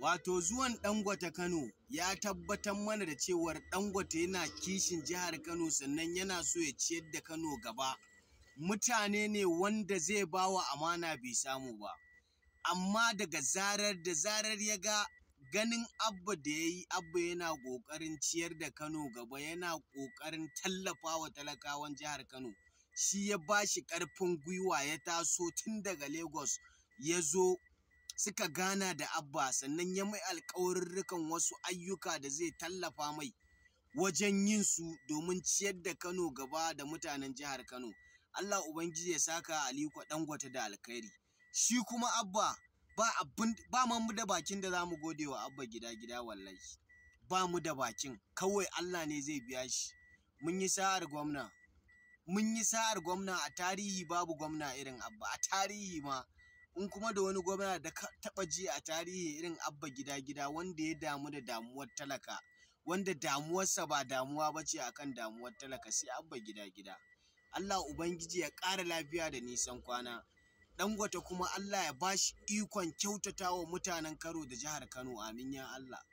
Wato zuwan Dangote Kano ya tabbatar mana da cewar Dangote yana kishin jihar Kano sannan yana so ya ciyar da Kano gaba. Mutane ne wanda zai bawa amana bai samu ba. Amma daga zarar da zarar ya ga ganin abba da ya yi abba yana ƙoƙarin ciyar da Kano gaba yana ƙoƙarin tallafa wa talakawan jihar Kano. Shi ya ba shi ƙarfin gwiwa ya taso tun daga Lagos ya zo suka gana da abba sannan ya mai alkawarurrukan wasu ayyuka da zai tallafa mai wajen yin su domin ciyar da kano gaba da mutanen jihar kano allah ubangiji ya saka aliko gwate da alkhairi shi kuma abba ba abin ba mu da bakin da za mu gode wa abba gida gida wallahi ba mu da bakin kawai allah ne zai biya shi mun yi sa'ar gwamna mun yi sa'ar gwamna a tarihi babu gwamna irin abba a tarihi ma in kuma da wani gwamna da taɓa ji a tarihi irin abba gida gida wanda ya damu da damuwar talaka wanda damuwarsa ba damuwa ba ce akan damuwar talaka sai abba gida gida Allah Ubangiji ya ƙara lafiya da nisan kwana Dangote kuma Allah ya bashi ikon kyautata wa mutanen karo da jihar Kano amin ya Allah